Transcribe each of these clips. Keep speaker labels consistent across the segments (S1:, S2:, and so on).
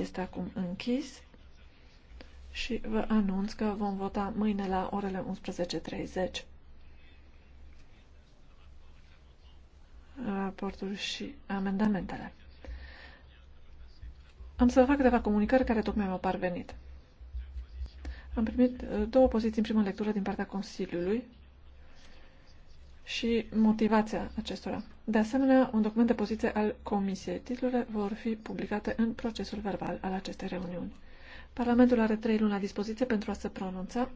S1: este acum închis și vă anunț că vom vota mâine la orele 11.30. raportul și amendamentele. Am să fac câteva comunicări care tocmai m au parvenit. Am primit uh, două poziții în prima lectură din partea Consiliului și motivația acestora. De asemenea, un document de poziție al Comisiei. Titlurile vor fi publicate în procesul verbal al acestei reuniuni. Parlamentul are trei luni la dispoziție pentru a se pronunța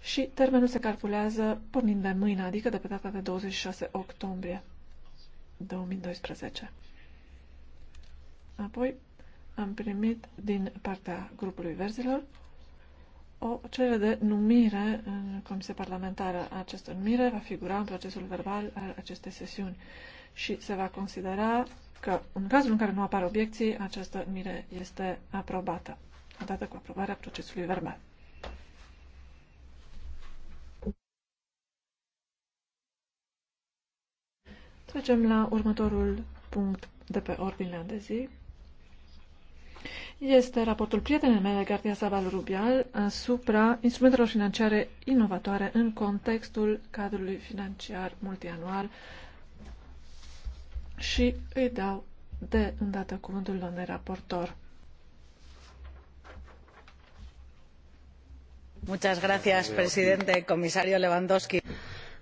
S1: și termenul se calculează pornind de mâine, adică de pe data de 26 octombrie 2012. Apoi am primit din partea grupului verzilor o cerere de numire în Comisia Parlamentară a acestor numire va figura în procesul verbal al acestei sesiuni și se va considera că, în cazul în care nu apar obiecții, această numire este aprobată, odată cu aprobarea procesului verbal. Trecem la următorul punct de pe ordinea de zi, este raportul prietenei mele, Gardia Saval Rubial, asupra instrumentelor financiare inovatoare în contextul cadrului financiar multianual și îi dau de îndată cuvântul domnului raportor. Muchas gracias, presidente, comisario Lewandowski.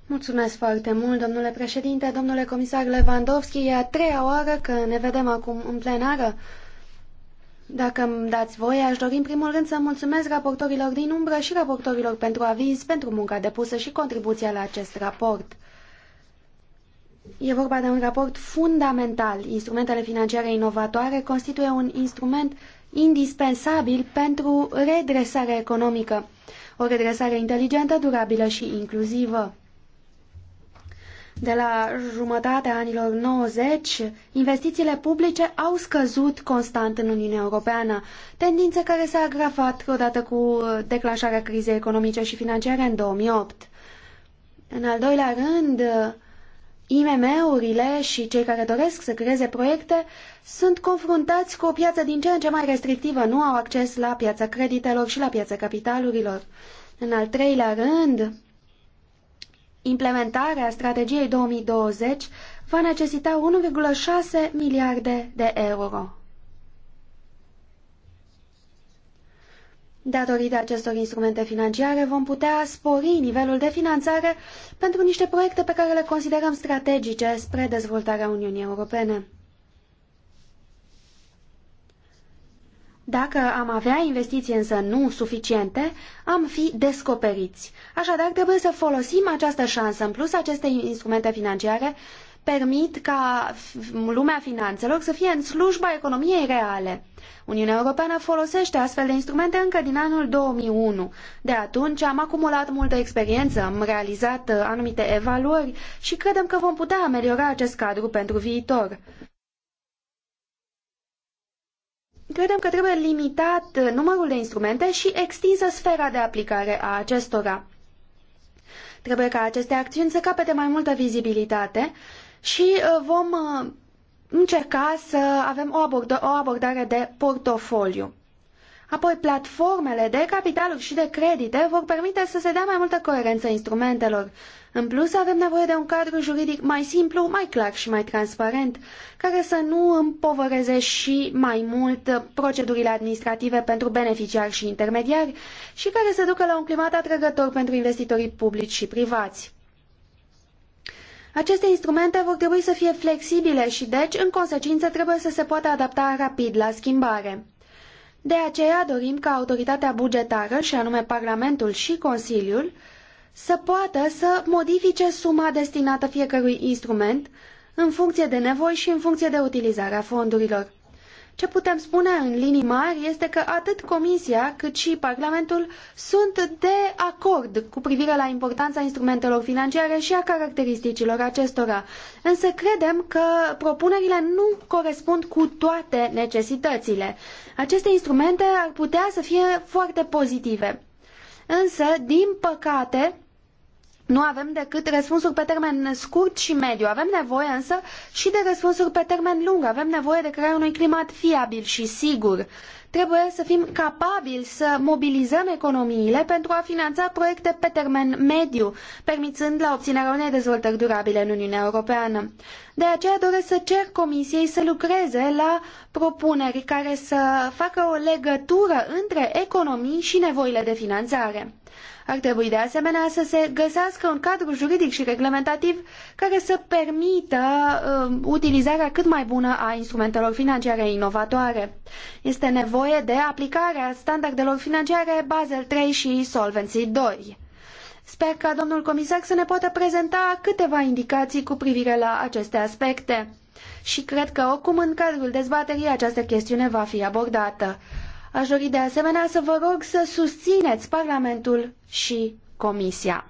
S2: Mulțumesc foarte mult, domnule președinte, domnule comisar Lewandowski. E a treia oară că ne vedem acum în plenară. Dacă îmi dați voie, aș dori în primul rând să mulțumesc raportorilor din umbră și raportorilor pentru aviz, pentru munca depusă și contribuția la acest raport. E vorba de un raport fundamental. Instrumentele financiare inovatoare constituie un instrument indispensabil pentru redresarea economică, o redresare inteligentă, durabilă și inclusivă de la jumătatea anilor 90, investițiile publice au scăzut constant în Uniunea Europeană, tendință care s-a agravat odată cu uh, declanșarea crizei economice și financiare în 2008. În al doilea rând, uh, IMM-urile și cei care doresc să creeze proiecte sunt confruntați cu o piață din ce în ce mai restrictivă, nu au acces la piața creditelor și la piața capitalurilor. În al treilea rând, Implementarea strategiei 2020 va necesita 1,6 miliarde de euro. Datorită acestor instrumente financiare vom putea spori nivelul de finanțare pentru niște proiecte pe care le considerăm strategice spre dezvoltarea Uniunii Europene. Dacă am avea investiții însă nu suficiente, am fi descoperiți. Așadar, trebuie să folosim această șansă. În plus, aceste instrumente financiare permit ca lumea finanțelor să fie în slujba economiei reale. Uniunea Europeană folosește astfel de instrumente încă din anul 2001. De atunci am acumulat multă experiență, am realizat uh, anumite evaluări și credem că vom putea ameliora acest cadru pentru viitor. Credem că trebuie limitat uh, numărul de instrumente și extinsă sfera de aplicare a acestora. Trebuie ca aceste acțiuni să capete mai multă vizibilitate și uh, vom uh, încerca să avem o, abordare de portofoliu. Apoi, platformele de capitaluri și de credite vor permite să se dea mai multă coerență instrumentelor în plus, avem nevoie de un cadru juridic mai simplu, mai clar și mai transparent, care să nu împovăreze și mai mult procedurile administrative pentru beneficiari și intermediari și care să ducă la un climat atrăgător pentru investitorii publici și privați. Aceste instrumente vor trebui să fie flexibile și deci, în consecință, trebuie să se poată adapta rapid la schimbare. De aceea dorim ca autoritatea bugetară, și anume Parlamentul și Consiliul, să poată să modifice suma destinată fiecărui instrument în funcție de nevoi și în funcție de utilizarea fondurilor. Ce putem spune în linii mari este că atât Comisia cât și Parlamentul sunt de acord cu privire la importanța instrumentelor financiare și a caracteristicilor acestora, însă credem că propunerile nu corespund cu toate necesitățile. Aceste instrumente ar putea să fie foarte pozitive. Însă, din păcate, nu avem decât răspunsuri pe termen scurt și mediu. Avem nevoie însă și de răspunsuri pe termen lung. Avem nevoie de crearea unui climat fiabil și sigur. Trebuie să fim capabili să mobilizăm economiile pentru a finanța proiecte pe termen mediu, permițând la obținerea unei dezvoltări durabile în Uniunea Europeană. De aceea doresc să cer Comisiei să lucreze la propuneri care să facă o legătură între economii și nevoile de finanțare. Ar trebui de asemenea să se găsească un cadru juridic și reglementativ care să permită uh, utilizarea cât mai bună a instrumentelor financiare inovatoare. Este nevoie de aplicarea standardelor financiare Basel III și Solvency II. Sper ca domnul comisar să ne poată prezenta câteva indicații cu privire la aceste aspecte. Și cred că oricum în cadrul dezbaterii această chestiune va fi abordată. Aș dori de asemenea să vă rog să susțineți Parlamentul și Comisia.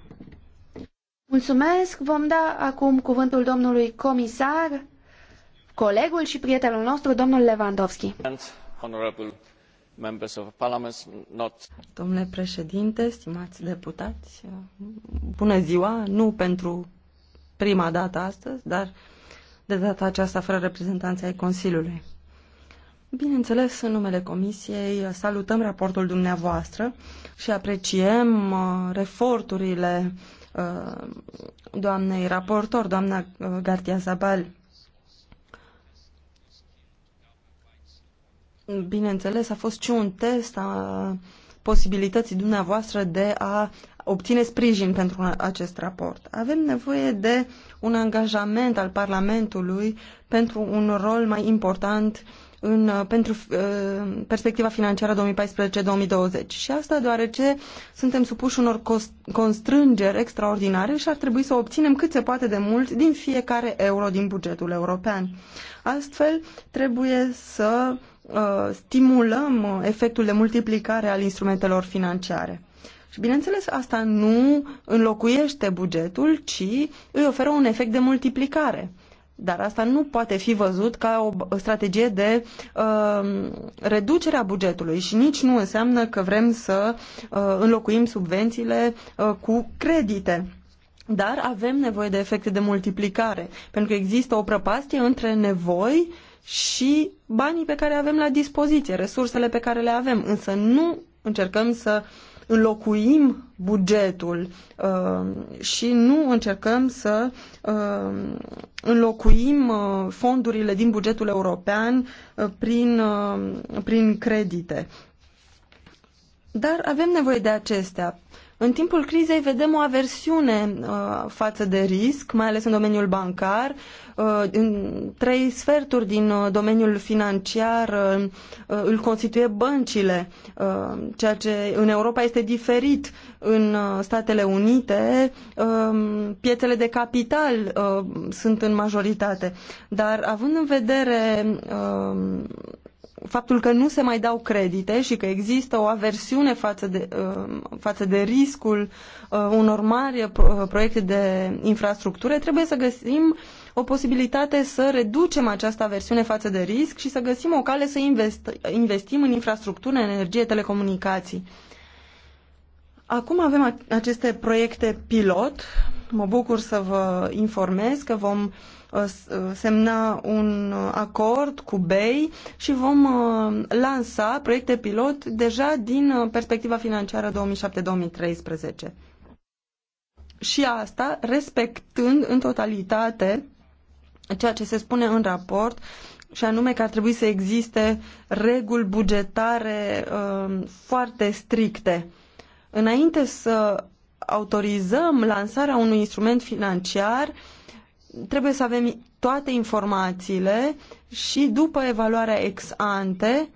S2: Mulțumesc, vom da acum cuvântul domnului comisar, colegul și prietenul nostru, domnul Lewandowski.
S3: Domnule președinte, stimați deputați, bună ziua, nu pentru prima dată astăzi, dar de data aceasta fără reprezentanța ai Consiliului. Bineînțeles, în numele Comisiei salutăm raportul dumneavoastră și apreciem uh, eforturile uh, doamnei raportor, doamna uh, Gartia Zabal. Bineînțeles, a fost și un test a posibilității dumneavoastră de a obține sprijin pentru acest raport. Avem nevoie de un angajament al Parlamentului pentru un rol mai important uh, în, uh, pentru uh, perspectiva financiară 2014-2020. Și asta deoarece suntem supuși unor cost, constrângeri extraordinare și ar trebui să obținem cât se poate de mult din fiecare euro din bugetul european. Astfel, trebuie să uh, stimulăm efectul de multiplicare al instrumentelor financiare. Și bineînțeles, asta nu înlocuiește bugetul, ci îi oferă un efect de multiplicare. Dar asta nu poate fi văzut ca o strategie de uh, reducere a bugetului și nici nu înseamnă că vrem să uh, înlocuim subvențiile uh, cu credite. Dar avem nevoie de efecte de multiplicare, pentru că există o prăpastie între nevoi și banii pe care avem la dispoziție, resursele pe care le avem, însă nu încercăm să uh, înlocuim bugetul uh, și nu încercăm să uh, înlocuim uh, fondurile din bugetul european prin, prin credite. Dar avem nevoie de acestea în timpul crizei vedem o aversiune uh, față de risc, mai ales în domeniul bancar. Uh, în trei sferturi din uh, domeniul financiar uh, uh, îl constituie băncile, uh, ceea ce în Europa este diferit. În uh, Statele Unite uh, piețele de capital uh, sunt în majoritate. Dar având în vedere uh, faptul că nu se mai dau credite și că există o aversiune față de, uh, față de riscul uh, unor mari uh, proiecte de infrastructură, trebuie să găsim o posibilitate să reducem această aversiune față de risc și să găsim o cale să invest, investim în infrastructură, în energie, telecomunicații. Acum avem aceste proiecte pilot. Mă bucur să vă informez că vom uh, Uh, uh, semna un uh, acord cu BEI și vom lansa proiecte pilot deja din perspectiva financiară 2007-2013. Și asta respectând în totalitate ceea ce se spune în raport și anume că ar trebui să existe reguli bugetare uh, foarte stricte. Înainte să autorizăm lansarea unui instrument financiar, uh, trebuie să avem toate informațiile și după evaluarea ex ante,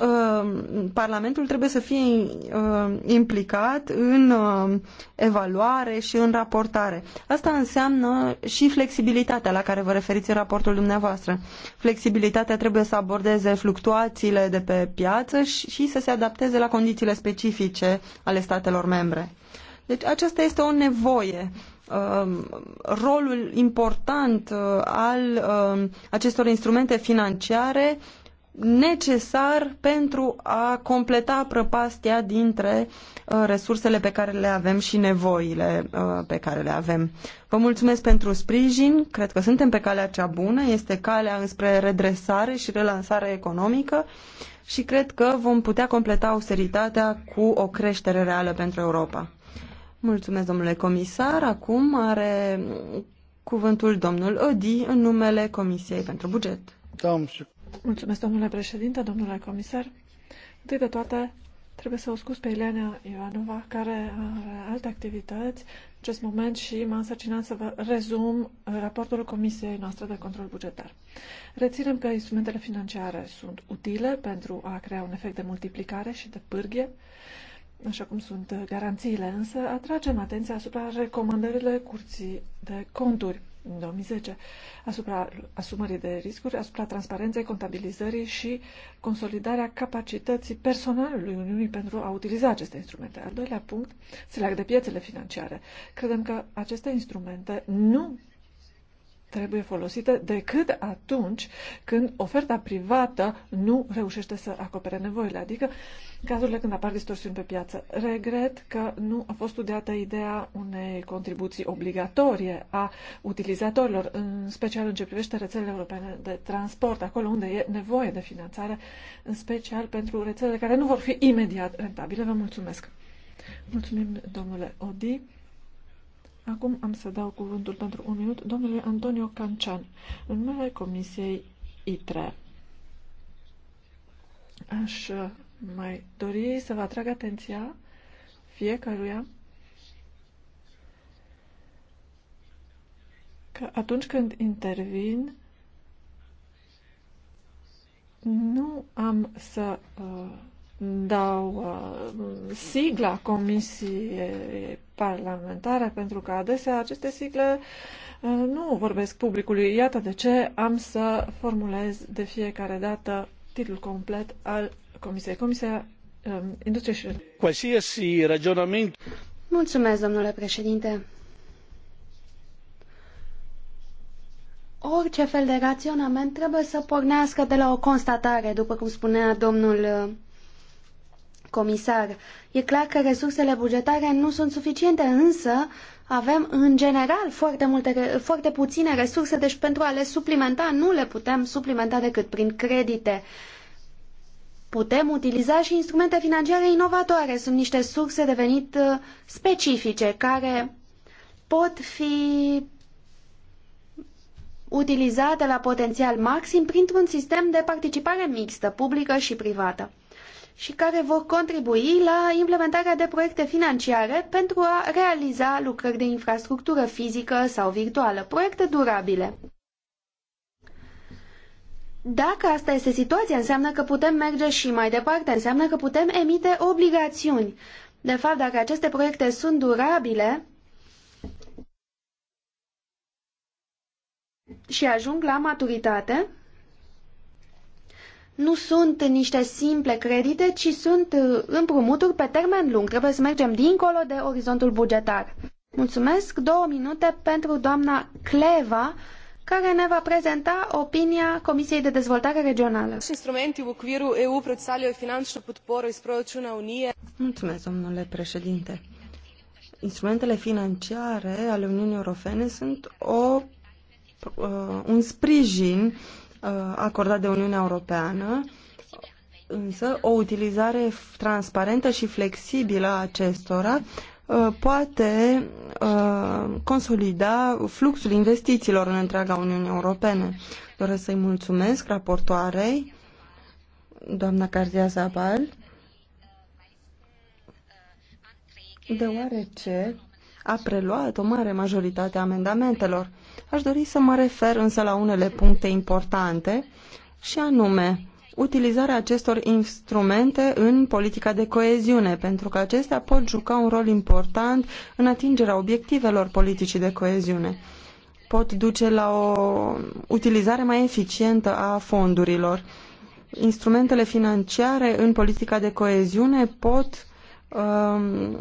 S3: uh, Parlamentul trebuie să fie uh, implicat în uh, evaluare și în raportare. Asta înseamnă și flexibilitatea la care vă referiți în raportul dumneavoastră. Flexibilitatea trebuie să abordeze fluctuațiile de pe piață și să se adapteze la condițiile specifice ale statelor membre. Deci aceasta este o nevoie Um, rolul important uh, al um, acestor instrumente financiare necesar pentru a completa prăpastia dintre uh, resursele pe care le avem și nevoile uh, pe care le avem. Vă mulțumesc pentru sprijin, cred că suntem pe calea cea bună, este calea înspre redresare și relansare economică și cred că vom putea completa austeritatea cu o creștere reală pentru Europa. Mulțumesc, domnule comisar. Acum are cuvântul domnul Odi în numele Comisiei pentru Buget.
S1: Mulțumesc, domnule președinte, domnule comisar. Întâi de toate, trebuie să o scuz pe Elena Ioanova, care are alte activități în acest moment și m-a însărcinat să vă rezum raportul Comisiei noastre de control bugetar. Reținem că instrumentele financiare sunt utile pentru a crea un efect de multiplicare și de pârghie așa cum sunt garanțiile, însă atragem atenția asupra recomandările Curții de Conturi în 2010, asupra asumării de riscuri, asupra transparenței, contabilizării și consolidarea capacității personalului Uniunii pentru a utiliza aceste instrumente. Al doilea punct se leagă de piețele financiare. Credem că aceste instrumente nu trebuie folosite decât atunci când oferta privată nu reușește să acopere nevoile, adică cazurile când apar distorsiuni pe piață. Regret că nu a fost studiată ideea unei contribuții obligatorie a utilizatorilor, în special în ce privește rețelele europene de transport, acolo unde e nevoie de finanțare, în special pentru rețelele care nu vor fi imediat rentabile. Vă mulțumesc! Mulțumim, domnule Odi. Acum am să dau cuvântul pentru un minut domnului Antonio Cancian, în numele Comisiei ITRE. Aș uh, mai dori să vă atrag atenția fiecăruia că atunci când intervin, nu am să uh, dau uh, sigla Comisiei parlamentare, pentru că adesea aceste sigle uh, nu vorbesc publicului. Iată de ce am să formulez de fiecare dată titlul complet al Comisiei.
S2: Comisia um, Industrie și...
S4: Qualsiasi ragionament...
S2: Mulțumesc, domnule președinte. Orice fel de raționament trebuie să pornească de la o constatare, după cum spunea domnul uh, comisar. E clar că resursele bugetare nu sunt suficiente, însă avem în general foarte, multe, foarte puține resurse, deci pentru a le suplimenta nu le putem suplimenta decât prin credite. Putem utiliza și instrumente financiare inovatoare. Sunt niște surse de venit uh, specifice care pot fi utilizate la potențial maxim printr-un sistem de participare mixtă, publică și privată și care vor contribui la implementarea de proiecte financiare pentru a realiza lucrări de infrastructură fizică sau virtuală, proiecte durabile. Dacă asta este situația, înseamnă că putem merge și mai departe, înseamnă că putem emite obligațiuni. De fapt, dacă aceste proiecte sunt durabile și ajung la maturitate, nu sunt niște simple credite, ci sunt uh, împrumuturi pe termen lung. Trebuie să mergem dincolo de orizontul bugetar. Mulțumesc. Două minute pentru doamna Cleva, care ne va prezenta opinia Comisiei de Dezvoltare Regională. Mulțumesc, domnule președinte. Instrumentele
S3: financiare ale Uniunii Europene sunt o, uh, un sprijin Uh, acordat de Uniunea Europeană, însă o utilizare transparentă și flexibilă a acestora uh, poate uh, consolida fluxul investițiilor în întreaga Uniune Europeană. Doresc să-i mulțumesc raportoarei, doamna Carzia Zabal, deoarece a preluat o mare majoritate a amendamentelor. Aș dori să mă refer însă la unele puncte importante și anume utilizarea acestor instrumente în politica de coeziune, pentru că acestea pot juca un rol important în atingerea obiectivelor politicii de coeziune. Pot duce la o utilizare mai eficientă a fondurilor. Instrumentele financiare în politica de coeziune pot um,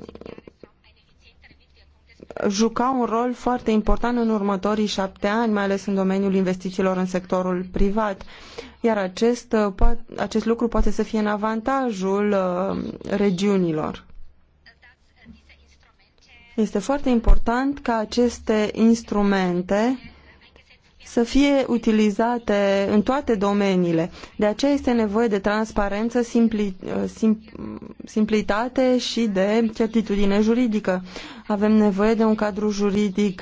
S3: juca un rol foarte important în următorii șapte ani, mai ales în domeniul investițiilor în sectorul privat. Iar acest, uh, acest lucru poate să fie în avantajul uh, regiunilor. Este foarte important ca aceste instrumente să fie utilizate în toate domeniile. De aceea este nevoie de transparență, simpli, sim, simplitate și de certitudine juridică. Avem nevoie de un cadru juridic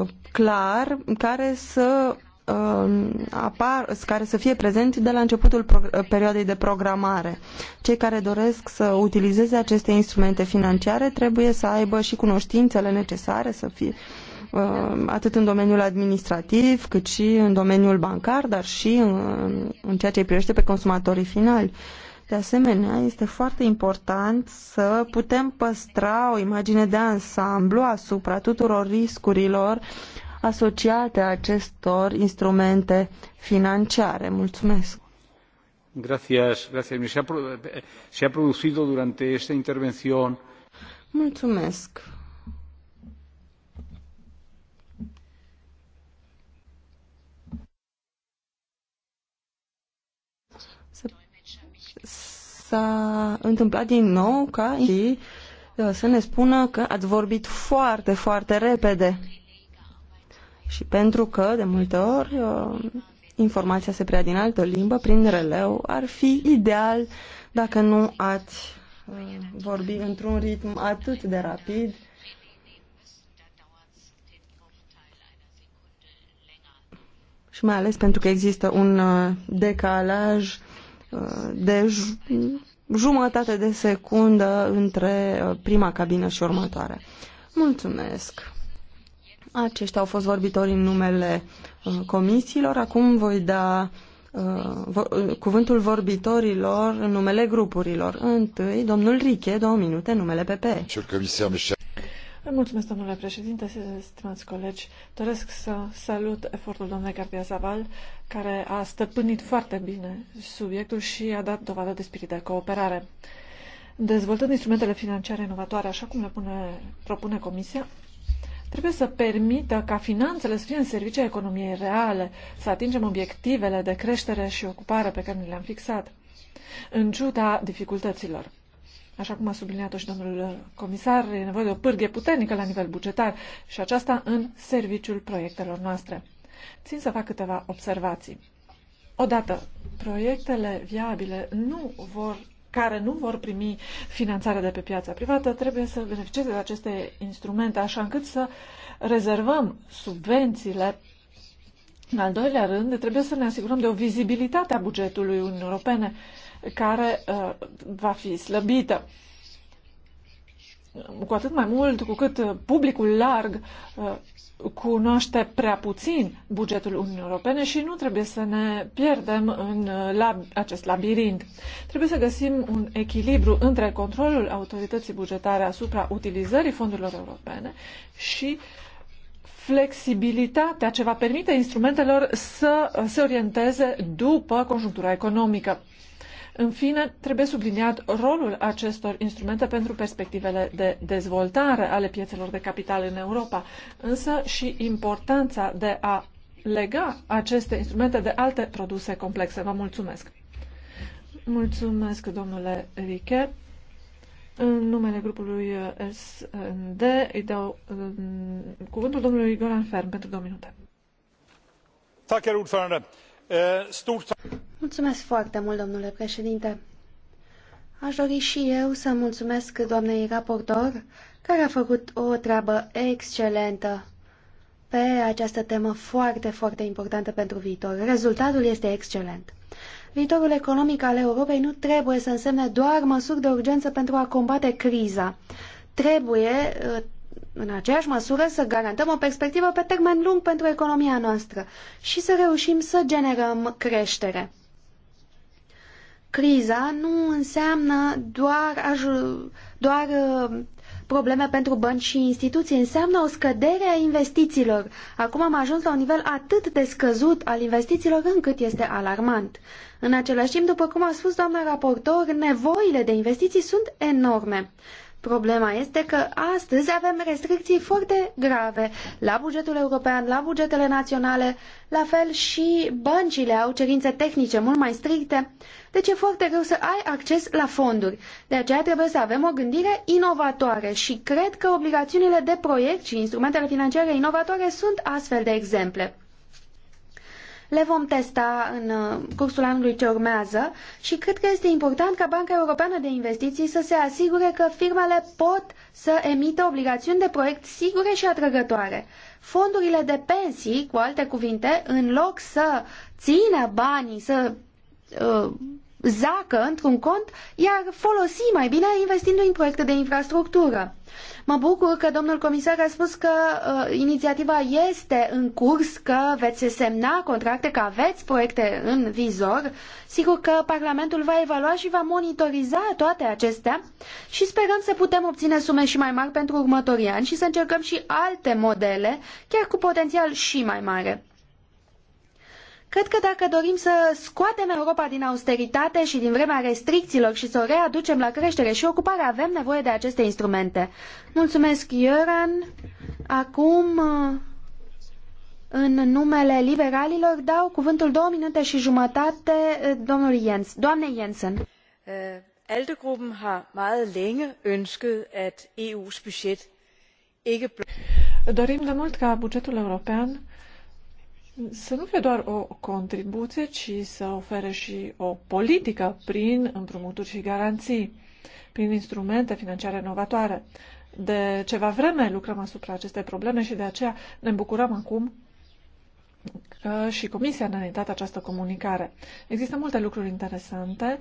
S3: uh, clar care să uh, apar, care să fie prezent de la începutul uh, perioadei de programare. Cei care doresc să utilizeze aceste instrumente financiare trebuie să aibă și cunoștințele necesare să fie uh, Uh, atât în domeniul administrativ, cât și în domeniul bancar, dar și în, în ceea ce îi privește pe consumatorii finali. De asemenea, este foarte important să putem păstra o imagine de ansamblu asupra tuturor riscurilor asociate acestor instrumente financiare. Mulțumesc!
S4: Gracias, gracias. Se ha, se ha producido durante esta intervención.
S3: Mulțumesc. s-a întâmplat din nou ca și uh, să ne spună că ați vorbit foarte, foarte repede. Și pentru că, de multe ori, uh, informația se prea din altă limbă, prin releu, ar fi ideal dacă nu ați uh, vorbi într-un ritm atât de rapid și mai ales pentru că există un decalaj de jumătate de secundă între uh, prima cabină și următoarea. Mulțumesc! Aceștia au fost vorbitori în numele uh, comisiilor. Acum voi da uh, cuvântul vorbitorilor în numele grupurilor. Întâi, domnul Riche, două minute, numele PP.
S1: Mulțumesc, domnule președinte, stimați colegi. Doresc să salut efortul domnului Gardia Zaval, care a stăpânit foarte bine subiectul și a dat dovadă de spirit de cooperare. Dezvoltând instrumentele financiare inovatoare, așa cum le pune, propune Comisia, trebuie să permită ca finanțele să fie în serviciu economiei reale, să atingem obiectivele de creștere și ocupare pe care ne le-am fixat, în ciuda dificultăților. Așa cum a subliniat-o și domnul comisar, e nevoie de o pârghie puternică la nivel bugetar și aceasta în serviciul proiectelor noastre. Țin să fac câteva observații. Odată, proiectele viabile nu vor, care nu vor primi finanțare de pe piața privată trebuie să beneficieze de aceste instrumente, așa încât să rezervăm subvențiile în al doilea rând, trebuie să ne asigurăm de o vizibilitate a bugetului Uniunii Europene care uh, va fi slăbită. Cu atât mai mult cu cât uh, publicul larg uh, cunoaște prea puțin bugetul Uniunii Europene și nu trebuie să ne pierdem în uh, lab, acest labirint. Trebuie să găsim un echilibru între controlul autorității bugetare asupra utilizării fondurilor europene și flexibilitatea ce va permite instrumentelor să uh, se orienteze după conjunctura economică. În fine, trebuie subliniat rolul acestor instrumente pentru perspectivele de dezvoltare ale piețelor de capital în Europa, însă și importanța de a lega aceste instrumente de alte produse complexe. Vă mulțumesc! Mulțumesc, domnule Riche. În numele grupului SND îi
S2: dau um, cuvântul domnului Goran Ferm pentru două minute.
S4: Tack, herr ordförande.
S2: Mulțumesc foarte mult, domnule președinte. Aș dori și eu să mulțumesc doamnei raportor, care a făcut o treabă excelentă pe această temă foarte, foarte importantă pentru viitor. Rezultatul este excelent. Viitorul economic al Europei nu trebuie să însemne doar măsuri de urgență pentru a combate criza. Trebuie uh, în aceeași măsură să garantăm o perspectivă pe termen lung pentru economia noastră și să reușim să generăm creștere. Criza nu înseamnă doar, doar uh, probleme pentru bănci și instituții, înseamnă o scădere a investițiilor. Acum am ajuns la un nivel atât de scăzut al investițiilor încât este alarmant. În același timp, după cum a spus doamna raportor, nevoile de investiții sunt enorme. Problema este că astăzi avem restricții foarte grave la bugetul european, la bugetele naționale, la fel și băncile au cerințe tehnice mult mai stricte, deci e foarte greu să ai acces la fonduri. De aceea trebuie să avem o gândire inovatoare și cred că obligațiunile de proiect și instrumentele financiare inovatoare sunt astfel de exemple. Le vom testa în uh, cursul anului ce urmează și cred că este important ca Banca Europeană de Investiții să se asigure că firmele pot să emită obligațiuni de proiect sigure și atrăgătoare. Fondurile de pensii, cu alte cuvinte, în loc să țină banii, să uh, zacă într-un cont, iar folosi mai bine investindu-i în proiecte de infrastructură. Mă bucur că domnul comisar a spus că uh, inițiativa este în curs, că veți semna contracte, că aveți proiecte în vizor. Sigur că Parlamentul va evalua și va monitoriza toate acestea și sperăm să putem obține sume și mai mari pentru următorii ani și să încercăm și alte modele, chiar cu potențial și mai mare. Cred că dacă dorim să scoatem Europa din austeritate și din vremea restricțiilor și să o readucem la creștere și ocupare, avem nevoie de aceste instrumente. Mulțumesc, Ioran. Acum, în numele liberalilor, dau cuvântul două minute și jumătate eh, domnului Jens, doamnei Jensen. Eh,
S1: Altegruppen har meget længe ønsket at EU's budget ikke Dorim de mult ca bugetul european să nu fie doar o contribuție, ci să ofere și o politică prin împrumuturi și garanții, prin instrumente financiare inovatoare. De ceva vreme lucrăm asupra acestei probleme și de aceea ne bucurăm acum că și Comisia ne-a dat această comunicare. Există multe lucruri interesante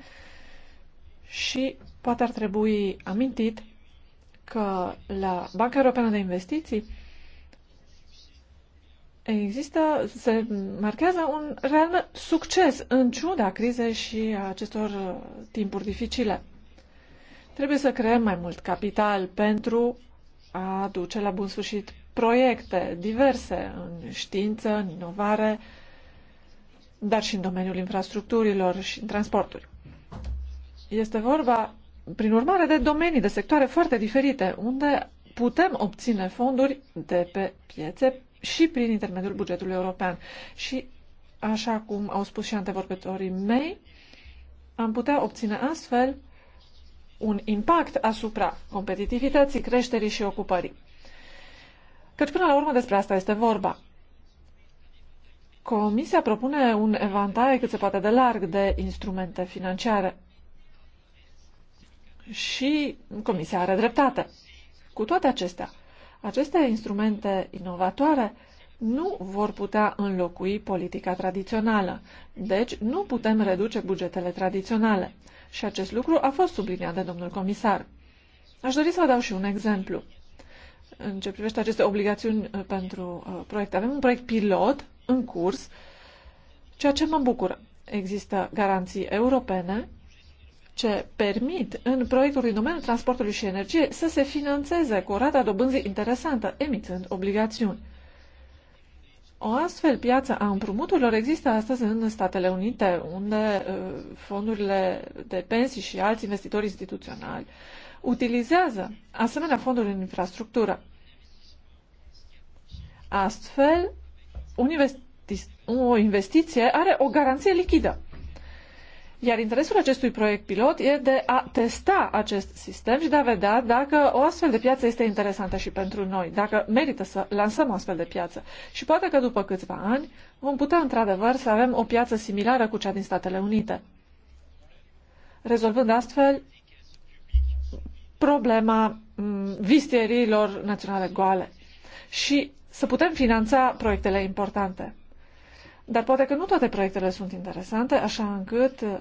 S1: și poate ar trebui amintit că la Banca Europeană de Investiții Există, se marchează un real succes în ciuda crizei și a acestor uh, timpuri dificile. Trebuie să creăm mai mult capital pentru a duce la bun sfârșit proiecte diverse în știință, în inovare, dar și în domeniul infrastructurilor și în transporturi. Este vorba, prin urmare, de domenii, de sectoare foarte diferite, unde putem obține fonduri de pe piețe și prin intermediul bugetului european. Și, așa cum au spus și antevorbitorii mei, am putea obține astfel un impact asupra competitivității, creșterii și ocupării. Căci până la urmă despre asta este vorba. Comisia propune un evantai cât se poate de larg de instrumente financiare. Și Comisia are dreptate. Cu toate acestea, aceste instrumente inovatoare nu vor putea înlocui politica tradițională, deci nu putem reduce bugetele tradiționale. Și acest lucru a fost subliniat de domnul comisar. Aș dori să vă dau și un exemplu. În ce privește aceste obligațiuni uh, pentru uh, proiecte, avem un proiect pilot în curs, ceea ce mă bucură. Există garanții europene ce permit în proiectul din domeniul transportului și energie să se financeze cu o rată dobânzii interesantă, emițând obligațiuni. O astfel piață a împrumuturilor există astăzi în Statele Unite, unde uh, fondurile de pensii și alți investitori instituționali utilizează asemenea fonduri în infrastructură. Astfel, o investiție are o garanție lichidă iar interesul acestui proiect pilot e de a testa acest sistem și de a vedea dacă o astfel de piață este interesantă și pentru noi, dacă merită să lansăm o astfel de piață. Și poate că după câțiva ani vom putea într-adevăr să avem o piață similară cu cea din Statele Unite. Rezolvând astfel problema vistierilor naționale goale și să putem finanța proiectele importante. Dar poate că nu toate proiectele sunt interesante, așa încât uh,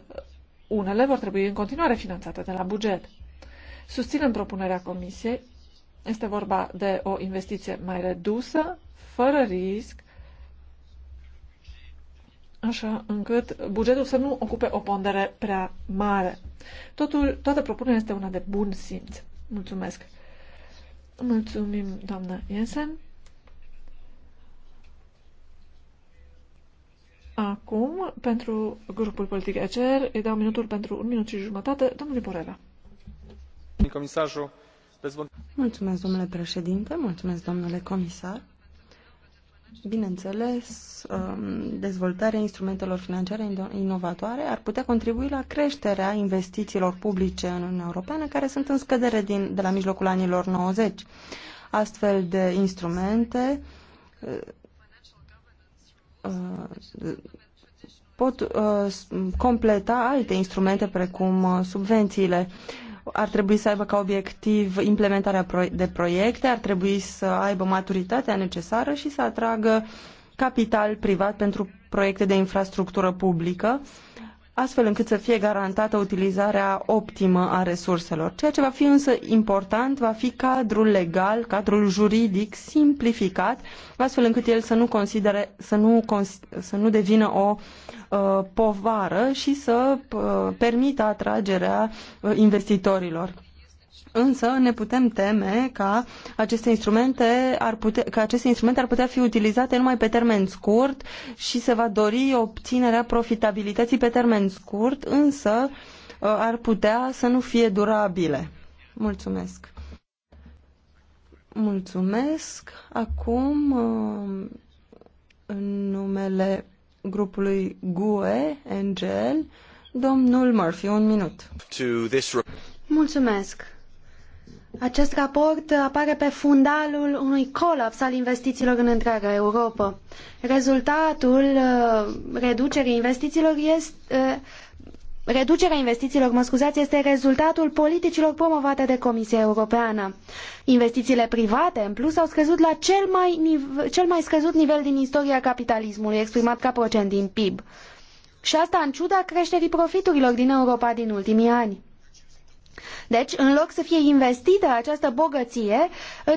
S1: unele vor trebui în continuare finanțate de la buget. Susținem propunerea Comisiei. Este vorba de o investiție mai redusă, fără risc, așa încât bugetul să nu ocupe o pondere prea mare. Totul, toată propunerea este una de bun simț. Mulțumesc! Mulțumim, doamnă Jensen. Acum, pentru grupul politic ECR, îi dau minutul pentru un minut și jumătate, domnului Borela. Mulțumesc, domnule președinte, mulțumesc,
S3: domnule comisar. Bineînțeles, um, dezvoltarea instrumentelor financiare inovatoare ar putea contribui la creșterea investițiilor publice în Uniunea Europeană, care sunt în scădere din, de la mijlocul anilor 90. Astfel de instrumente uh, uh, pot uh, completa alte instrumente precum uh, subvențiile. Ar trebui să aibă ca obiectiv implementarea de proiecte, ar trebui să aibă maturitatea necesară și să atragă capital privat pentru proiecte de infrastructură publică, astfel încât să fie garantată utilizarea optimă a resurselor. Ceea ce va fi însă important va fi cadrul legal, cadrul juridic simplificat, astfel încât el să nu, considere, să nu, să nu devină o Uh, povară și să uh, permită atragerea uh, investitorilor. Însă ne putem teme că aceste instrumente ar putea, că aceste instrumente ar putea fi utilizate numai pe termen scurt și se va dori obținerea profitabilității pe termen scurt, însă ar putea să nu fie durabile. Mulțumesc. Mulțumesc. Acum, în numele grupului GUE, NGL, domnul Murphy, un minut.
S2: Mulțumesc. Acest raport apare pe fundalul unui colaps al investițiilor în întreaga Europa. Rezultatul uh, reducerii investițiilor este Reducerea investițiilor, mă scuzați, este rezultatul politicilor promovate de Comisia Europeană. Investițiile private, în plus, au scăzut la cel mai, nive- cel mai scăzut nivel din istoria capitalismului, exprimat ca procent din PIB. Și asta în ciuda creșterii profiturilor din Europa din ultimii ani. Deci, în loc să fie investită această bogăție,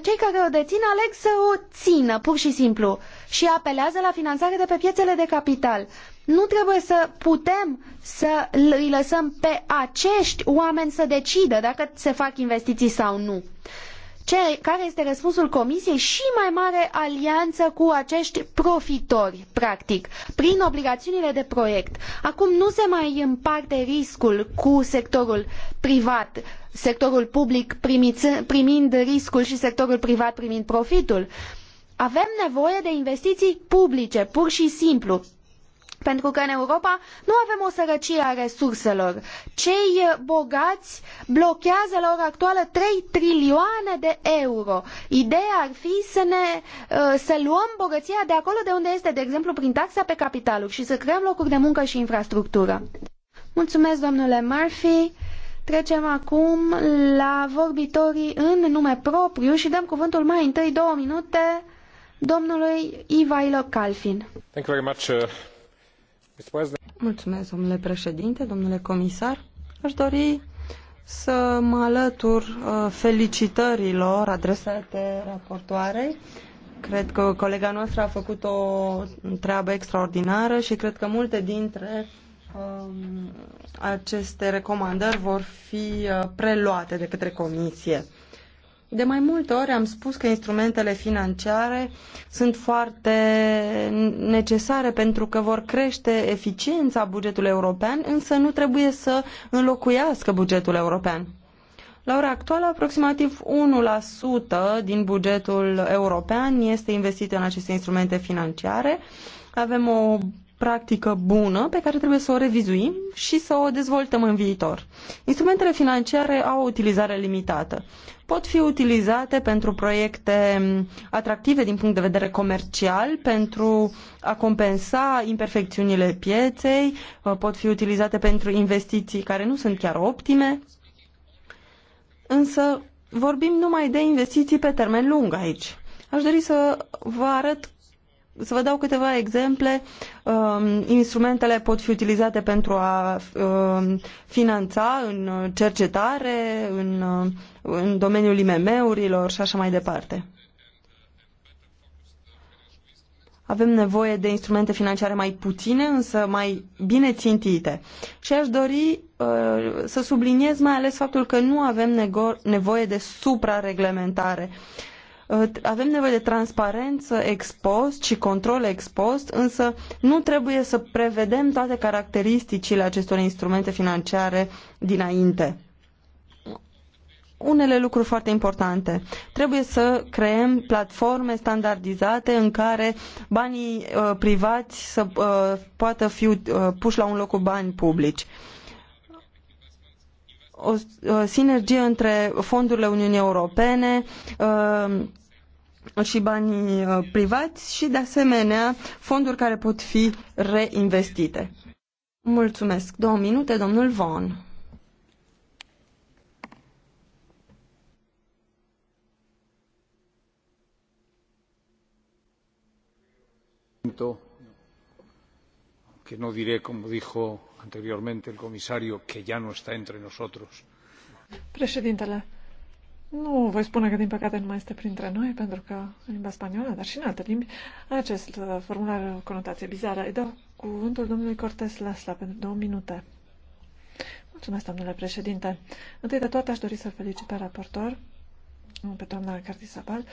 S2: cei care o dețin aleg să o țină, pur și simplu, și apelează la finanțare de pe piețele de capital. Nu trebuie să putem să îi lăsăm pe acești oameni să decidă dacă se fac investiții sau nu. Ce, care este răspunsul Comisiei și mai mare alianță cu acești profitori, practic, prin obligațiunile de proiect. Acum nu se mai împarte riscul cu sectorul privat, sectorul public primind, primind riscul și sectorul privat primind profitul. Avem nevoie de investiții publice, pur și simplu. Pentru că în Europa nu avem o sărăcie a resurselor. Cei bogați blochează la ora actuală 3 trilioane de euro. Ideea ar fi să, ne, uh, să luăm bogăția de acolo de unde este, de exemplu prin taxa pe capitaluri și să creăm locuri de muncă și infrastructură. Mulțumesc, domnule Murphy. Trecem acum la vorbitorii în nume propriu și dăm cuvântul mai întâi două minute domnului Ivailo Calfin.
S4: Thank you very much, uh
S3: Mulțumesc, domnule președinte, domnule comisar. Aș dori să mă alătur uh, felicitărilor adresate raportoarei. Cred că colega noastră a făcut o treabă extraordinară și cred că multe dintre um, aceste recomandări vor fi uh, preluate de către comisie. De mai multe ori am spus că instrumentele financiare sunt foarte necesare pentru că vor crește eficiența bugetului european, însă nu trebuie să înlocuiască bugetul european. La ora actuală, aproximativ 1% din bugetul european este investit în aceste instrumente financiare. Avem o practică bună pe care trebuie să o revizuim și să o dezvoltăm în viitor. Instrumentele financiare au o utilizare limitată. Pot fi utilizate pentru proiecte mm, atractive din punct de vedere comercial, pentru a compensa imperfecțiunile pieței, uh, pot fi utilizate pentru investiții care nu sunt chiar optime, însă vorbim numai de investiții pe termen lung aici. Aș dori să vă arăt să vă dau câteva exemple. Um, instrumentele pot fi utilizate pentru a um, finanța în cercetare, în, um, în domeniul IMM-urilor și așa mai departe. Avem nevoie de instrumente financiare mai puține, însă mai bine țintite. Și aș dori uh, să subliniez mai ales faptul că nu avem nevoie de suprareglementare. reglementare Uh, avem nevoie de transparență ex post și control ex post, însă nu trebuie să prevedem toate caracteristicile acestor instrumente financiare dinainte. Unele lucruri foarte importante. Trebuie să creăm platforme standardizate în care banii uh, privați să uh, poată fi uh, puși la un loc cu bani publici. Uh, o, sinergie între fondurile Uniunii Europene uh, și banii uh, privați și, de asemenea, fonduri care pot fi reinvestite. Mulțumesc. Două minute, domnul Von.
S4: diré, dijo anteriormente el comisario, que ya no está entre nosotros.
S1: Președintele, nu voi spune că din păcate nu mai este printre noi, pentru că în limba spaniolă, dar și în alte limbi, acest uh, formular are o conotație bizară. Îi dau cuvântul domnului Cortes Lasla pentru două minute. Mulțumesc, domnule președinte. Întâi de toate aș dori să felicit pe raportor, pe doamna Cartisabal,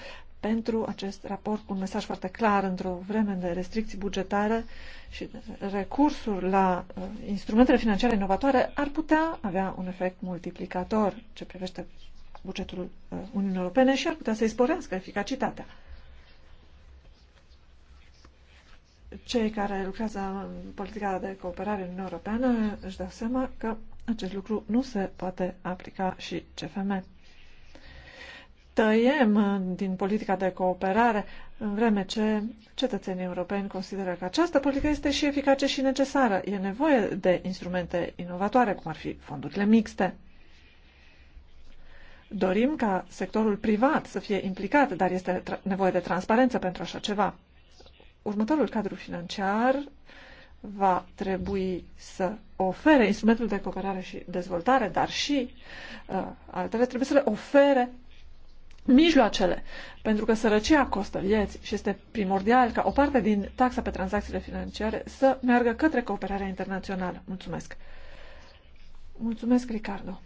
S1: pentru acest raport cu un mesaj foarte clar într-o vreme de restricții bugetare și recursuri la uh, instrumentele financiare inovatoare ar putea avea un efect multiplicator ce privește bugetul uh, Uniunii Europene și ar putea să-i sporească eficacitatea. Cei care lucrează în politica de cooperare în Uniunea Europeană își dau seama că acest lucru nu se poate aplica și CFM tăiem uh, din politica de cooperare, în vreme ce cetățenii europeni consideră că această politică este și eficace și necesară. E nevoie de instrumente inovatoare, cum ar fi fondurile mixte. Dorim ca sectorul privat să fie implicat, dar este nevoie de transparență pentru așa ceva. Următorul cadru financiar va trebui să ofere instrumentul de cooperare și dezvoltare, dar și uh, altele trebuie să le ofere mijloacele, pentru că sărăcia costă vieți și este primordial ca o parte din taxa pe tranzacțiile financiare să meargă către cooperarea internațională. Mulțumesc! Mulțumesc, Ricardo!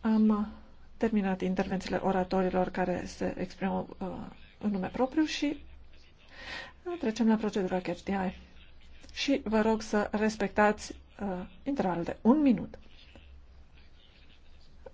S1: Am terminat intervențiile oratorilor care se exprimă uh, în nume propriu și trecem la procedura catch the eye. Și vă rog să respectați uh, intervalul de un minut.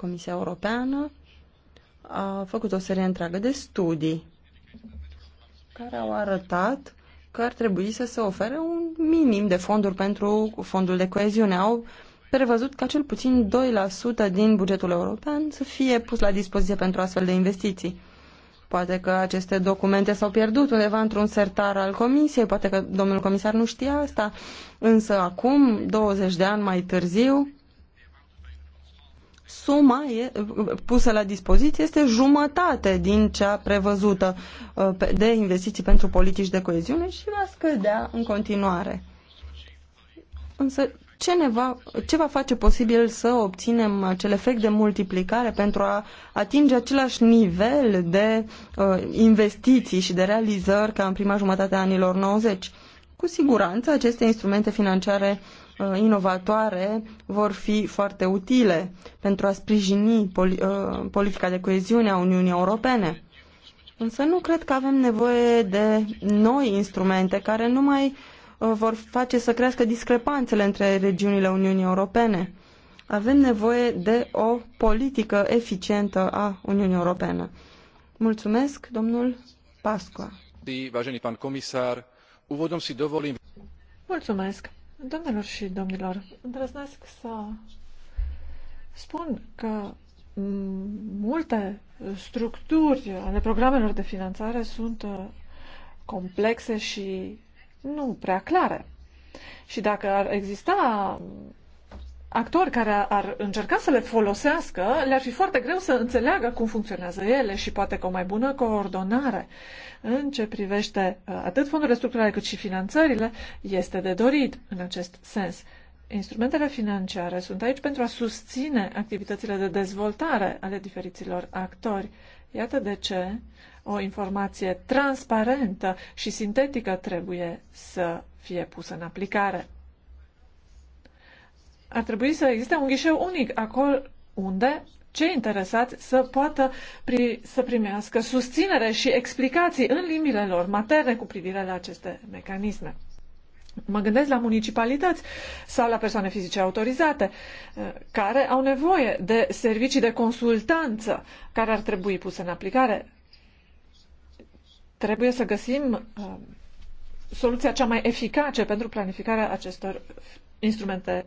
S3: Comisia Europeană a făcut o serie întreagă de studii care au arătat că ar trebui să se ofere un minim de fonduri pentru fondul de coeziune. Au prevăzut ca cel puțin 2% din bugetul european să fie pus la dispoziție pentru astfel de investiții. Poate că aceste documente s-au pierdut undeva într-un sertar al comisiei, poate că domnul comisar nu știa asta, însă acum, 20 de ani mai târziu, suma e, pusă la dispoziție este jumătate din cea prevăzută uh, de investiții pentru politici de coeziune și va scădea în continuare. Însă ce, ne va, ce va face posibil să obținem acel efect de multiplicare pentru a atinge același nivel de uh, investiții și de realizări ca în prima jumătate a anilor 90? Cu siguranță aceste instrumente financiare Uh, inovatoare vor fi foarte utile pentru a sprijini uh, politica de coeziune a Uniunii Europene. Însă nu cred că avem nevoie de noi instrumente care nu mai uh, vor face să crească discrepanțele între regiunile Uniunii Europene. Avem nevoie de o politică eficientă a Uniunii Europene. Mulțumesc, domnul
S1: Pascua. Vážený Mulțumesc. Domnilor și domnilor, îndrăznesc să spun că multe structuri ale programelor de finanțare sunt uh, complexe și nu prea clare. Și dacă ar exista actori care ar încerca să le folosească, le-ar fi foarte greu să înțeleagă cum funcționează ele și poate că o mai bună coordonare în ce privește uh, atât fondurile structurale cât și finanțările este de dorit în acest sens. Instrumentele financiare sunt aici pentru a susține activitățile de dezvoltare ale diferiților actori. Iată de ce o informație transparentă și sintetică trebuie să fie pusă în aplicare ar trebui să existe un ghișeu unic acolo unde cei interesați să poată pri, să primească susținere și explicații în limbile lor materne cu privire la aceste mecanisme. Mă gândesc la municipalități sau la persoane fizice autorizate eh, care au nevoie de servicii de consultanță care ar trebui puse în aplicare. Trebuie să găsim eh, soluția cea mai eficace pentru planificarea acestor instrumente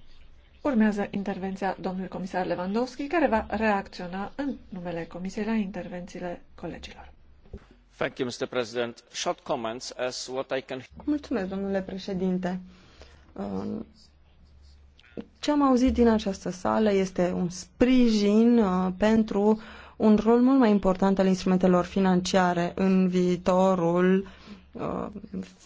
S1: Urmează intervenția domnului comisar Lewandowski, care va reacționa în numele Comisiei la intervențiile colegilor.
S4: Thank you, Mr. President. Short comments as what I can...
S3: Mulțumesc, domnule președinte. Um, ce am auzit din această sală este un sprijin uh, pentru un rol mult mai important al instrumentelor financiare în viitorul Uh,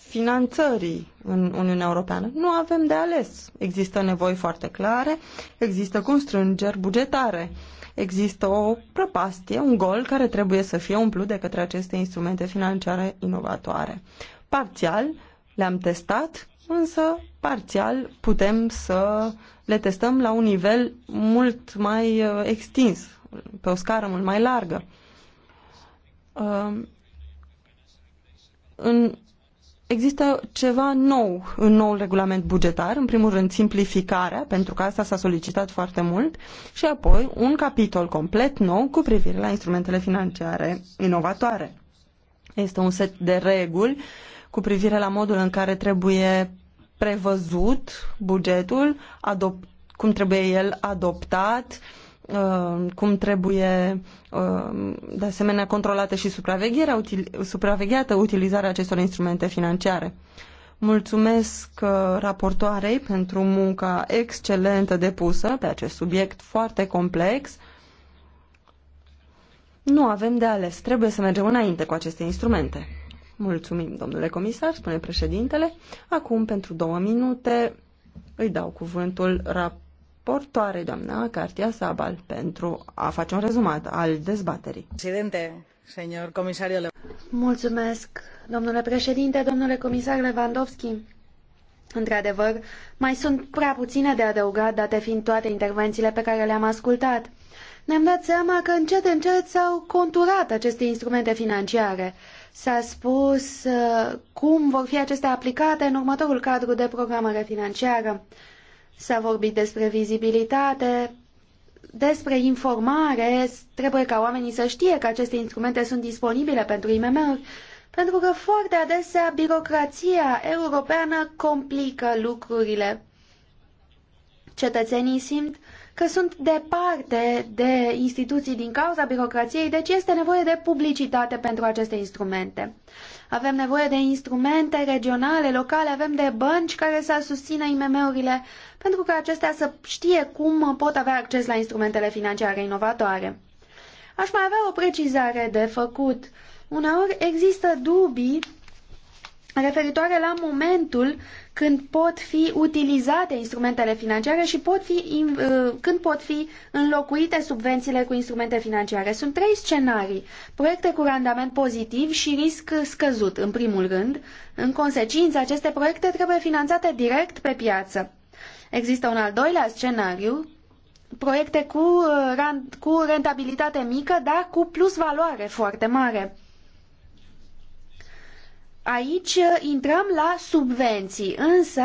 S3: finanțării în Uniunea Europeană. Nu avem de ales. Există nevoi foarte clare, există constrângeri bugetare, există o prăpastie, un gol care trebuie să fie umplut de către aceste instrumente financiare inovatoare. Parțial le-am testat, însă parțial putem să le testăm la un nivel mult mai uh, extins, pe o scară mult mai largă. Uh, în, există ceva nou în noul regulament bugetar, în primul rând simplificarea, pentru că asta s-a solicitat foarte mult, și apoi un capitol complet nou cu privire la instrumentele financiare inovatoare. Este un set de reguli cu privire la modul în care trebuie prevăzut bugetul, cum trebuie el adoptat, uh, Uh, cum trebuie uh, de asemenea controlată și supravegherea, util, supravegheată utilizarea acestor instrumente financiare. Mulțumesc uh, raportoarei pentru munca excelentă depusă pe acest subiect foarte complex. Nu avem de ales. Trebuie să mergem înainte cu aceste instrumente. Mulțumim, domnule comisar, spune președintele. Acum, pentru două minute, îi dau cuvântul raportoarei raportoare, doamna Cartia Sabal, pentru a face un rezumat al dezbaterii.
S2: Presidente, señor comisario Le... Mulțumesc, domnule președinte, domnule comisar Lewandowski. Într-adevăr, mai sunt prea puține de adăugat, date fiind toate intervențiile pe care le-am ascultat. Ne-am dat seama că încet, încet s-au conturat aceste instrumente financiare. S-a spus uh, cum vor fi acestea aplicate în următorul cadru de programare financiară. S-a vorbit despre vizibilitate, despre informare. Trebuie ca oamenii să știe că aceste instrumente sunt disponibile pentru IMM-uri, pentru că foarte adesea birocrația europeană complică lucrurile. Cetățenii simt că sunt departe de instituții din cauza birocrației, deci este nevoie de publicitate pentru aceste instrumente. Avem nevoie de instrumente regionale, locale, avem de bănci care să susțină IMM-urile pentru că acestea să știe cum pot avea acces la instrumentele financiare inovatoare. Aș mai avea o precizare de făcut. Uneori există dubii referitoare la momentul când pot fi utilizate instrumentele financiare și pot fi, uh, când pot fi înlocuite subvențiile cu instrumente financiare. Sunt trei scenarii. Proiecte cu randament pozitiv și risc scăzut, în primul rând. În consecință, aceste proiecte trebuie finanțate direct pe piață. Există un al doilea scenariu, proiecte cu, uh, cu rentabilitate mică, dar cu plus valoare foarte mare. Aici uh, intrăm la subvenții, însă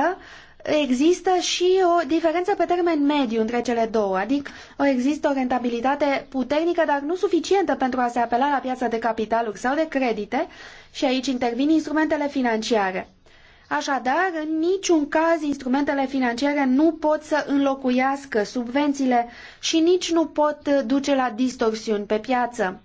S2: există și o diferență pe termen mediu între cele două, adică există o rentabilitate puternică, dar nu suficientă pentru a se apela la piața de capitaluri sau de credite și aici intervin instrumentele financiare. Așadar, în niciun caz instrumentele financiare nu pot să înlocuiască subvențiile și nici nu pot duce la distorsiuni pe piață.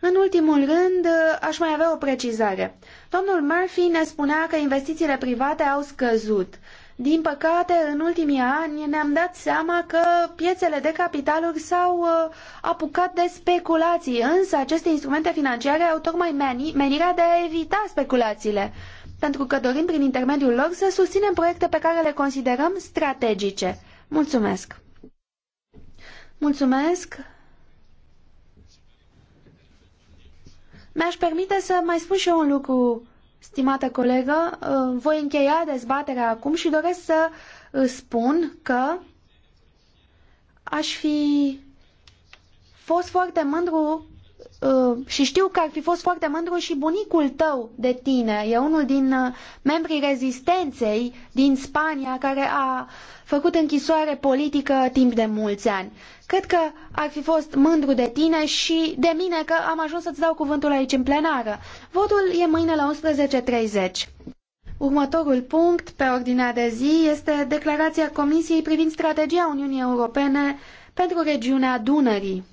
S2: În ultimul rând, aș mai avea o precizare. Domnul Murphy ne spunea că investițiile private au scăzut. Din păcate, în ultimii ani ne-am dat seama că piețele de capitaluri s-au uh, apucat de speculații, însă aceste instrumente financiare au tocmai menirea de a evita speculațiile pentru că dorim prin intermediul lor să susținem proiecte pe care le considerăm strategice. Mulțumesc! Mulțumesc! Mi-aș permite să mai spun și eu un lucru, stimată colegă. Uh, voi încheia dezbaterea acum și doresc să uh, spun că aș fi fost foarte mândru Uh, și știu că ar fi fost foarte mândru și bunicul tău de tine. E unul din uh, membrii rezistenței din Spania care a făcut închisoare politică timp de mulți ani. Cred că ar fi fost mândru de tine și de mine că am ajuns să-ți dau cuvântul aici în plenară. Votul e mâine la 11.30. Următorul punct pe ordinea de zi este declarația Comisiei privind strategia Uniunii Europene pentru regiunea Dunării.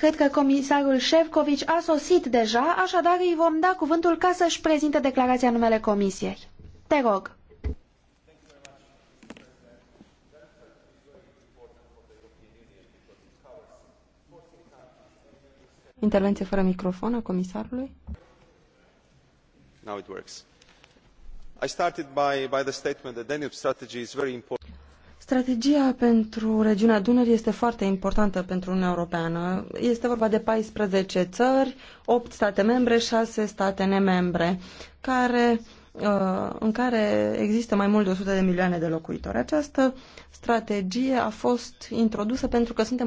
S2: Cred că comisarul Șefcovici a sosit deja, așadar îi vom da cuvântul ca să-și prezinte declarația numele comisiei. Te rog.
S3: Intervenție fără microfon a comisarului.
S4: Now it works. I started by, by the statement that Danube strategy is very important.
S3: Strategia pentru regiunea Dunării este foarte importantă pentru Uniunea Europeană. Este vorba de 14 țări, 8 state membre, 6 state nemembre, care, uh, în care există mai mult de 100 de milioane de locuitori. Această strategie a fost introdusă pentru că suntem